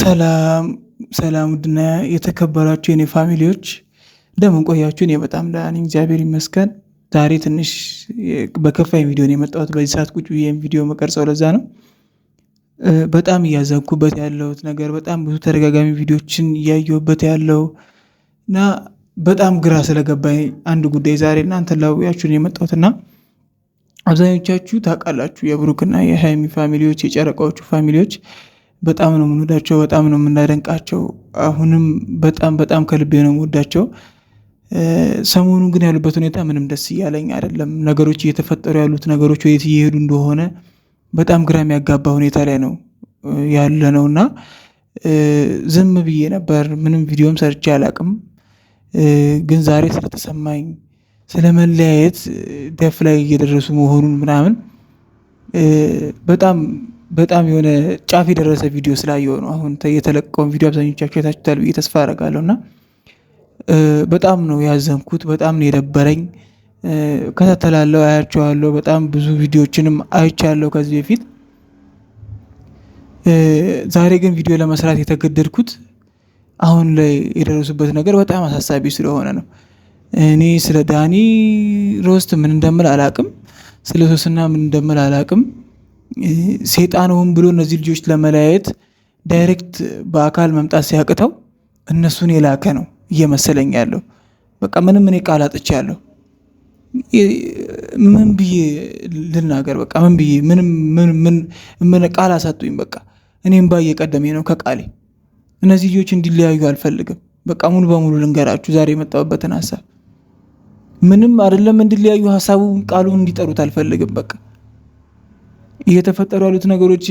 ሰላም ሰላም ውድና የተከበራችሁ የኔ ፋሚሊዎች እንደምን ቆያችሁ? እኔ በጣም ደህና ነኝ፣ እግዚአብሔር ይመስገን። ዛሬ ትንሽ በከፋኝ ቪዲዮ ነው የመጣሁት። በዚህ ሰዓት ቁጭ ብዬ ቪዲዮ መቀርጸው ለዛ ነው። በጣም እያዘንኩበት ያለሁት ነገር በጣም ብዙ ተደጋጋሚ ቪዲዮችን እያየሁበት ያለው እና በጣም ግራ ስለገባኝ አንድ ጉዳይ ዛሬ እናንተን ላውያችሁ ነው የመጣሁት እና አብዛኞቻችሁ ታውቃላችሁ የብሩክና የሀይሚ ፋሚሊዎች የጨረቃዎቹ ፋሚሊዎች በጣም ነው የምንወዳቸው፣ በጣም ነው የምናደንቃቸው። አሁንም በጣም በጣም ከልቤ ነው የምወዳቸው። ሰሞኑን ግን ያሉበት ሁኔታ ምንም ደስ እያለኝ አይደለም። ነገሮች እየተፈጠሩ ያሉት ነገሮች ወዴት እየሄዱ እንደሆነ በጣም ግራ የሚያጋባ ሁኔታ ላይ ነው ያለ ነው እና ዝም ብዬ ነበር። ምንም ቪዲዮም ሰርቼ አላቅም። ግን ዛሬ ስለተሰማኝ ስለ መለያየት ደፍ ላይ እየደረሱ መሆኑን ምናምን በጣም በጣም የሆነ ጫፍ የደረሰ ቪዲዮ ስላየው ነው። አሁን የተለቀውን ቪዲዮ አብዛኞቻቸው የታችታል ብዬ ተስፋ አደርጋለሁ እና በጣም ነው ያዘንኩት፣ በጣም ነው የደበረኝ። እከታተላለሁ፣ አያቸዋለሁ። በጣም ብዙ ቪዲዮችንም አይቻለሁ ከዚህ በፊት። ዛሬ ግን ቪዲዮ ለመስራት የተገደድኩት አሁን ላይ የደረሱበት ነገር በጣም አሳሳቢ ስለሆነ ነው። እኔ ስለ ዳኒ ሮስት ምን እንደምል አላቅም፣ ስለ ሶስና ምን እንደምል አላቅም። ሴጣን ሆን ብሎ እነዚህ ልጆች ለመለያየት ዳይሬክት በአካል መምጣት ሲያቅተው እነሱን የላከ ነው እየመሰለኝ ያለው። በቃ ምንም እኔ ቃል ያለው? ምን ብዬ ልናገር? በቃ ምን ብዬ ምን ቃል አሳጡኝ። በቃ እኔም ባ እየቀደሜ ነው ከቃሌ። እነዚህ ልጆች እንዲለያዩ አልፈልግም። በቃ ሙሉ በሙሉ ልንገራችሁ ዛሬ የመጣሁበትን ሀሳብ ምንም አይደለም። እንዲለያዩ ሀሳቡ ቃሉን እንዲጠሩት አልፈልግም። በቃ እየተፈጠሩ ያሉት ነገሮች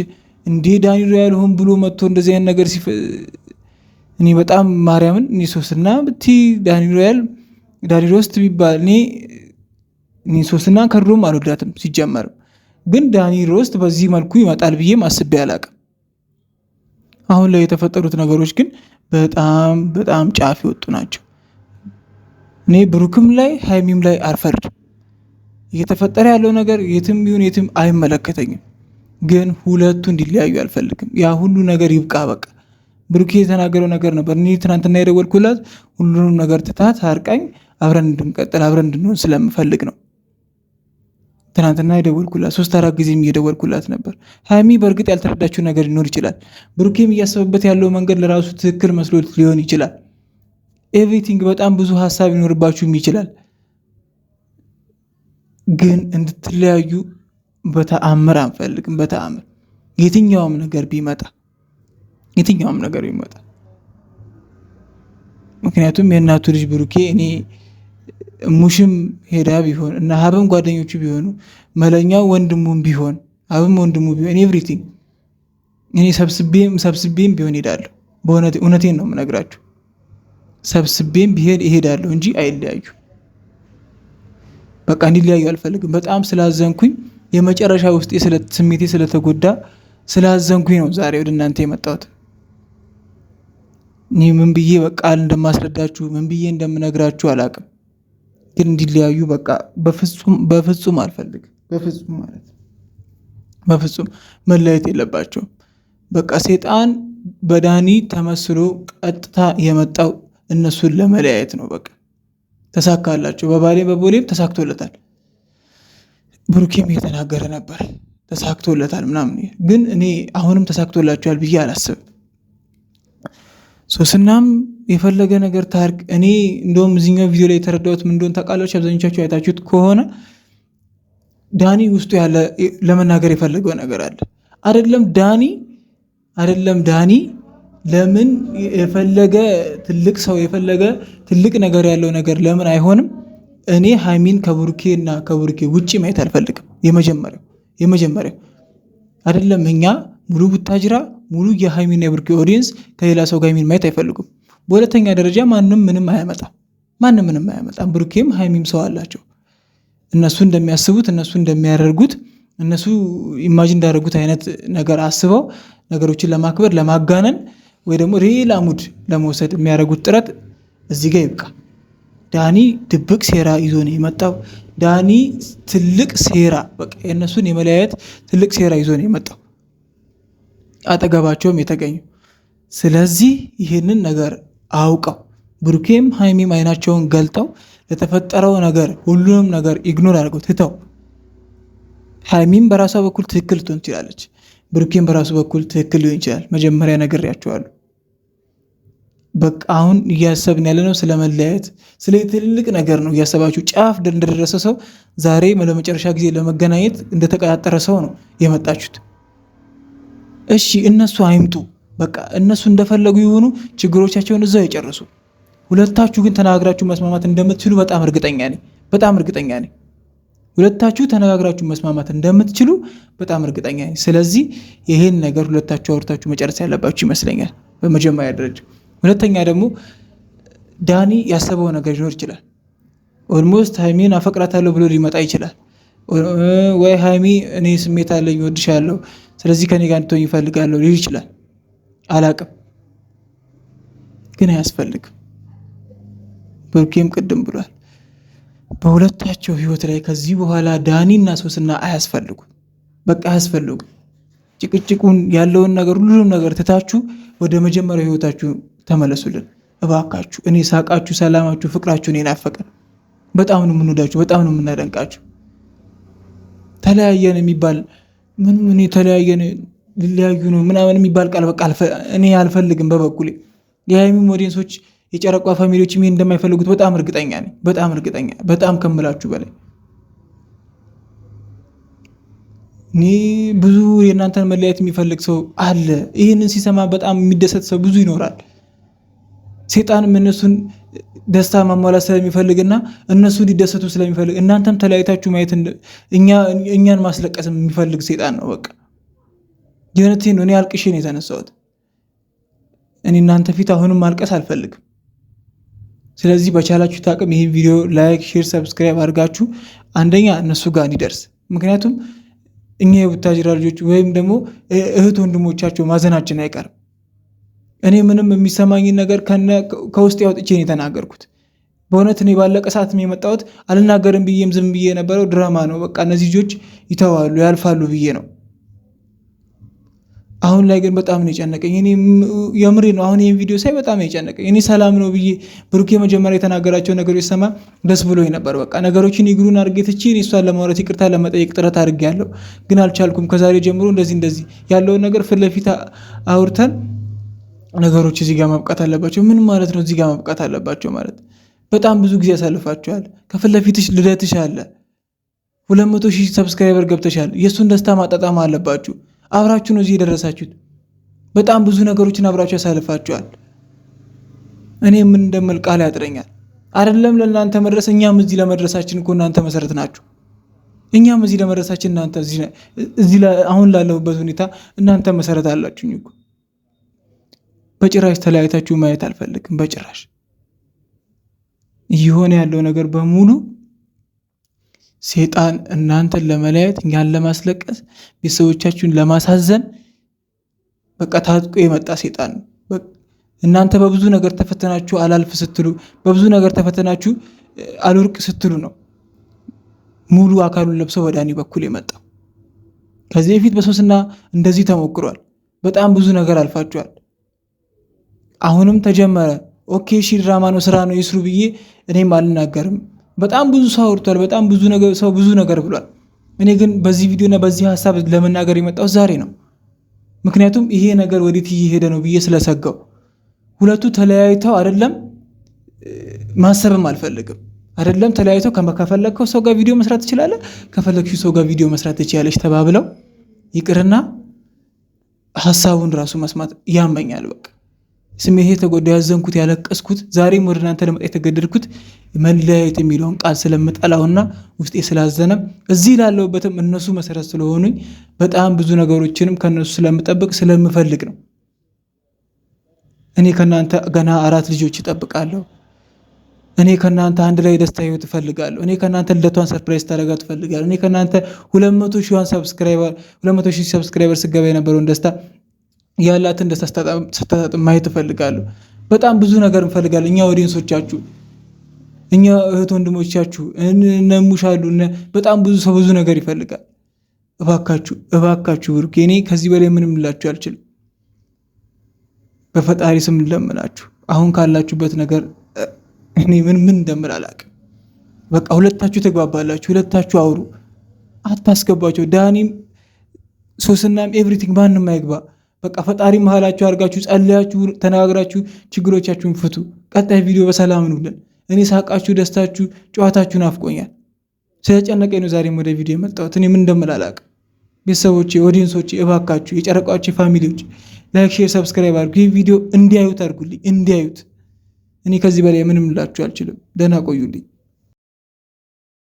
እንዴ ዳኒ ሮያል ሆን ብሎ መጥቶ እንደዚህ አይነት ነገር ሲፈ እኔ በጣም ማርያምን እኔ ሶስና ብቲ ዳኒ ሮያል ዳኒ ሮስት ቢባል እኔ እኔ ሶስና ከድሮም አልወዳትም ሲጀመርም፣ ግን ዳኒ ሮስት በዚህ መልኩ ይመጣል ብዬም አስቤ አላቅም። አሁን ላይ የተፈጠሩት ነገሮች ግን በጣም በጣም ጫፍ የወጡ ናቸው። እኔ ብሩክም ላይ ሀይሚም ላይ አልፈርድም። እየተፈጠረ ያለው ነገር የትም ቢሆን የትም አይመለከተኝም፣ ግን ሁለቱ እንዲለያዩ አልፈልግም። ያ ሁሉ ነገር ይብቃ በቃ። ብሩኬ የተናገረው ነገር ነበር። እኔ ትናንትና የደወልኩላት ሁሉንም ነገር ትታት አርቃኝ አብረን እንድንቀጥል አብረን እንድንሆን ስለምፈልግ ነው። ትናንትና የደወልኩላት ሶስት አራት ጊዜም እየደወልኩላት ነበር። ሀሚ በእርግጥ ያልተረዳችው ነገር ሊኖር ይችላል። ብሩኬም እያሰበበት ያለው መንገድ ለራሱ ትክክል መስሎት ሊሆን ይችላል። ኤቭሪቲንግ በጣም ብዙ ሀሳብ ሊኖርባችሁም ይችላል። ግን እንድትለያዩ በተአምር አንፈልግም። በተአምር የትኛውም ነገር ቢመጣ የትኛውም ነገር ቢመጣ ምክንያቱም የእናቱ ልጅ ብሩኬ እኔ ሙሽም ሄዳ ቢሆን እና ሀብም ጓደኞቹ ቢሆኑ መለኛው ወንድሙም ቢሆን ሀብም ወንድሙ ቢሆን ኤቭሪቲንግ እኔ ሰብስቤም ሰብስቤም ቢሆን ሄዳለሁ። በእውነቴን ነው የምነግራችሁ። ሰብስቤም ቢሄድ ይሄዳለሁ እንጂ አይለያዩ በቃ እንዲለያዩ አልፈልግም። በጣም ስላዘንኩኝ የመጨረሻ ውስጥ ስሜቴ ስለተጎዳ ስላዘንኩኝ ነው ዛሬ ወደ እናንተ የመጣሁት። ይህ ምን ብዬ በቃል እንደማስረዳችሁ ምን ብዬ እንደምነግራችሁ አላቅም፣ ግን እንዲለያዩ በቃ በፍጹም አልፈልግ በፍጹም ማለት በፍጹም መለየት የለባቸውም። በቃ ሴጣን በዳኒ ተመስሎ ቀጥታ የመጣው እነሱን ለመለያየት ነው በቃ ተሳካላቸው። በባሌም በቦሌም ተሳክቶለታል። ብሩኬም እየተናገረ ነበር ተሳክቶለታል ምናምን። ግን እኔ አሁንም ተሳክቶላችኋል ብዬ አላስብም። ሶስናም የፈለገ ነገር ታርግ። እኔ እንደውም እዚኛው ቪዲዮ ላይ የተረዳሁት ምን እንደሆነ ታውቃላችሁ? አብዛኞቻችሁ አይታችሁት ከሆነ ዳኒ ውስጡ ያለ ለመናገር የፈለገው ነገር አለ። አይደለም ዳኒ አይደለም ዳኒ ለምን የፈለገ ትልቅ ሰው የፈለገ ትልቅ ነገር ያለው ነገር ለምን አይሆንም? እኔ ሀይሚን ከቡርኬ እና ከቡርኬ ውጭ ማየት አልፈልግም። የመጀመሪያው የመጀመሪያው አይደለም እኛ ሙሉ ቡታጅራ ሙሉ የሀይሚና የቡርኬ ኦዲየንስ ከሌላ ሰው ጋር ሀይሚን ማየት አይፈልጉም። በሁለተኛ ደረጃ ማንም ምንም አያመጣም። ማንም ምንም አያመጣም። ቡርኬም ሀይሚም ሰው አላቸው። እነሱ እንደሚያስቡት እነሱ እንደሚያደርጉት እነሱ ኢማጂን እንዳደረጉት አይነት ነገር አስበው ነገሮችን ለማክበር ለማጋነን ወይ ደግሞ ሌላ ሙድ ለመውሰድ የሚያደርጉት ጥረት እዚህ ጋር ይብቃ። ዳኒ ድብቅ ሴራ ይዞ ነው የመጣው። ዳኒ ትልቅ ሴራ በቃ የእነሱን የመለያየት ትልቅ ሴራ ይዞ ነው የመጣው፣ አጠገባቸውም የተገኙ። ስለዚህ ይህንን ነገር አውቀው ብሩኬም ሀይሚም አይናቸውን ገልጠው ለተፈጠረው ነገር ሁሉንም ነገር ኢግኖር አድርገው ትተው ሀይሚም በራሷ በኩል ትክክል ትሆን ትችላለች። ብሩኬን በራሱ በኩል ትክክል ሊሆን ይችላል። መጀመሪያ ነግሬያቸዋለሁ። በቃ አሁን እያሰብን ያለ ነው ስለ መለያየት፣ ስለ ትልቅ ነገር ነው እያሰባችሁ። ጫፍ እንደደረሰ ሰው ዛሬ ለመጨረሻ ጊዜ ለመገናኘት እንደተቀጣጠረ ሰው ነው የመጣችሁት። እሺ እነሱ አይምጡ፣ በቃ እነሱ እንደፈለጉ የሆኑ ችግሮቻቸውን እዛው የጨርሱ። ሁለታችሁ ግን ተናግራችሁ መስማማት እንደምትችሉ በጣም እርግጠኛ ነኝ፣ በጣም እርግጠኛ ነኝ። ሁለታችሁ ተነጋግራችሁ መስማማት እንደምትችሉ በጣም እርግጠኛ ነኝ። ስለዚህ ይህን ነገር ሁለታችሁ አውርታችሁ መጨረስ ያለባችሁ ይመስለኛል፣ በመጀመሪያ ደረጃ። ሁለተኛ ደግሞ ዳኒ ያሰበው ነገር ሊኖር ይችላል። ኦልሞስት ሀይሚን አፈቅራታለሁ ብሎ ሊመጣ ይችላል። ወይ ሀይሚ እኔ ስሜት አለኝ እወድሻለሁ፣ ስለዚህ ከኔ ጋር እንድትሆኝ ይፈልጋለሁ ሊል ይችላል። አላቅም ግን አያስፈልግም። ብሩኬም ቅድም ብሏል በሁለታቸው ህይወት ላይ ከዚህ በኋላ ዳኒና ሶስና አያስፈልጉ፣ በቃ አያስፈልጉ። ጭቅጭቁን ያለውን ነገር ሁሉም ነገር ትታችሁ ወደ መጀመሪያው ህይወታችሁ ተመለሱልን እባካችሁ። እኔ ሳቃችሁ፣ ሰላማችሁ፣ ፍቅራችሁን የናፈቀን በጣም ነው የምንወዳችሁ፣ በጣም ነው የምናደንቃችሁ። ተለያየን የሚባል ምን ምን የተለያየን ሊለያዩ ነው ምናምን የሚባል ቃል በቃ እኔ አልፈልግም በበኩሌ የሃይሚ ሞዴንሶች የጨረቋ ፋሚሊዎች ይሄን እንደማይፈልጉት በጣም እርግጠኛ ነኝ። በጣም እርግጠኛ በጣም ከምላችሁ በላይ እኔ ብዙ የእናንተን መለያየት የሚፈልግ ሰው አለ። ይህንን ሲሰማ በጣም የሚደሰት ሰው ብዙ ይኖራል። ሴጣንም እነሱን ደስታ ማሟላት ስለሚፈልግና እነሱ ሊደሰቱ ስለሚፈልግ እናንተም ተለያይታችሁ ማየት እኛን ማስለቀስ የሚፈልግ ሴጣን ነው። በቃ የእውነቴን ነው። እኔ አልቅሼ ነው የተነሳሁት። እኔ እናንተ ፊት አሁንም ማልቀስ አልፈልግም። ስለዚህ በቻላችሁት አቅም ይህን ቪዲዮ ላይክ፣ ሼር፣ ሰብስክራይብ አድርጋችሁ አንደኛ እነሱ ጋር እንዲደርስ ምክንያቱም እኛ የቡታጅራ ልጆች ወይም ደግሞ እህት ወንድሞቻቸው ማዘናችን አይቀርም። እኔ ምንም የሚሰማኝን ነገር ከውስጥ ያወጥቼ ነው የተናገርኩት። በእውነት እኔ ባለቀ ሰዓት የመጣሁት አልናገርም ብዬም ዝም ብዬ የነበረው ድራማ ነው። በቃ እነዚህ ልጆች ይተዋሉ ያልፋሉ ብዬ ነው። አሁን ላይ ግን በጣም ነው የጨነቀኝ። እኔ የምሬ ነው። አሁን ይህን ቪዲዮ ሳይ በጣም የጨነቀኝ እኔ ሰላም ነው ብዬ ብሩኬ መጀመሪያ የተናገራቸው ነገሮች ሰማ ደስ ብሎ ነበር። በቃ ነገሮችን ይግሩን አድርጌ ትቼ እሷን ለማውራት ይቅርታ ለመጠየቅ ጥረት ያለው ግን አልቻልኩም። ከዛሬ ጀምሮ እንደዚህ እንደዚህ ያለውን ነገር ፊት ለፊት አውርተን ነገሮች እዚህ ጋር ማብቃት አለባቸው። ምን ማለት ነው እዚህ ጋር ማብቃት አለባቸው ማለት? በጣም ብዙ ጊዜ ያሳልፋቸዋል። ከፊት ለፊትሽ ልደትሽ አለ፣ ሁለት መቶ ሺህ ሰብስክራይበር ገብተሻል። የእሱን ደስታ ማጣጣም አለባችሁ። አብራችሁ ነው እዚህ የደረሳችሁት። በጣም ብዙ ነገሮችን አብራችሁ ያሳልፋችኋል። እኔ ምን እንደምል ቃል ያጥረኛል። አይደለም ለእናንተ መድረስ፣ እኛም እዚህ ለመድረሳችን እኮ እናንተ መሰረት ናችሁ። እኛም እዚህ ለመድረሳችን እናንተ እዚህ አሁን ላለሁበት ሁኔታ እናንተ መሰረት አላችሁኝ እኮ። በጭራሽ ተለያይታችሁ ማየት አልፈልግም። በጭራሽ እየሆነ ያለው ነገር በሙሉ ሴጣን እናንተን ለመለያየት እኛን ለማስለቀስ ቤተሰቦቻችሁን ለማሳዘን በቃ ታጥቆ የመጣ ሴጣን እናንተ በብዙ ነገር ተፈተናችሁ አላልፍ ስትሉ፣ በብዙ ነገር ተፈተናችሁ አልወርቅ ስትሉ ነው ሙሉ አካሉን ለብሶ ወደ እኔ በኩል የመጣው። ከዚህ በፊት በሶስና እንደዚህ ተሞክሯል። በጣም ብዙ ነገር አልፋችኋል። አሁንም ተጀመረ። ኦኬ ሺ ድራማ ነው ስራ ነው ይስሩ ብዬ እኔም አልናገርም። በጣም ብዙ ሰው አውርቷል። በጣም ብዙ ነገር ሰው ብዙ ነገር ብሏል። እኔ ግን በዚህ ቪዲዮና በዚህ ሀሳብ ለመናገር የመጣው ዛሬ ነው። ምክንያቱም ይሄ ነገር ወዴት እየሄደ ነው ብዬ ስለሰጋው ሁለቱ ተለያይተው አይደለም ማሰብም አልፈልግም። አይደለም ተለያይተው ከፈለግከው ሰው ጋር ቪዲዮ መስራት ትችላለህ፣ ከፈለግሽ ሰው ጋር ቪዲዮ መስራት ትችላለች ተባብለው ይቅርና ሀሳቡን ራሱ መስማት ያመኛል በቃ ስሜት የተጎዳው ያዘንኩት፣ ያለቀስኩት፣ ዛሬም ወደ እናንተ ለመጣ የተገደድኩት መለያየት የሚለውን ቃል ስለምጠላውና ውስጤ ስላዘነ እዚህ ላለሁበትም እነሱ መሰረት ስለሆኑኝ በጣም ብዙ ነገሮችንም ከነሱ ስለምጠብቅ ስለምፈልግ ነው። እኔ ከእናንተ ገና አራት ልጆች ይጠብቃለሁ። እኔ ከእናንተ አንድ ላይ ደስታ ህይወት እፈልጋለሁ። እኔ ከእናንተ ልደቷን ሰርፕራይዝ ታደረጋ ትፈልጋለሁ። እኔ ከእናንተ ሁለት መቶ ሺህ ሰብስክራይበር ስገባ የነበረውን ደስታ ያላትን ደስታ ስታጣጥም ማየት እፈልጋለሁ። በጣም ብዙ ነገር እንፈልጋለን እኛ ኦዲየንሶቻችሁ፣ እኛ እህት ወንድሞቻችሁ እነሙሻሉ በጣም ብዙ ሰው ብዙ ነገር ይፈልጋል። እባካችሁ እባካችሁ ብሩኬ፣ እኔ ከዚህ በላይ ምንም ልላችሁ አልችልም። በፈጣሪ ስም እንለምናችሁ። አሁን ካላችሁበት ነገር እኔ ምን ምን እንደምል አላውቅም። በቃ ሁለታችሁ ትግባባላችሁ ሁለታችሁ አውሩ፣ አታስገባቸው። ዳኒም ሶስናም ኤቭሪቲንግ ማንም አይግባ። በቃ ፈጣሪ መሀላችሁ አድርጋችሁ ጸልያችሁ ተነጋግራችሁ ችግሮቻችሁን ፍቱ። ቀጣይ ቪዲዮ በሰላም እንውለን። እኔ ሳቃችሁ፣ ደስታችሁ፣ ጨዋታችሁን አፍቆኛል። ስለጨነቀኝ ነው ዛሬም ወደ ቪዲዮ የመጣሁት። እኔ ምን እንደምላላቅ ቤተሰቦች ኦዲየንሶቼ፣ እባካችሁ የጨረቃዎች ፋሚሊዎች ላይክ፣ ሼር፣ ሰብስክራይብ አድርጉ። ይህ ቪዲዮ እንዲያዩት አድርጉልኝ፣ እንዲያዩት። እኔ ከዚህ በላይ ምንም ላችሁ አልችልም። ደህና ቆዩልኝ።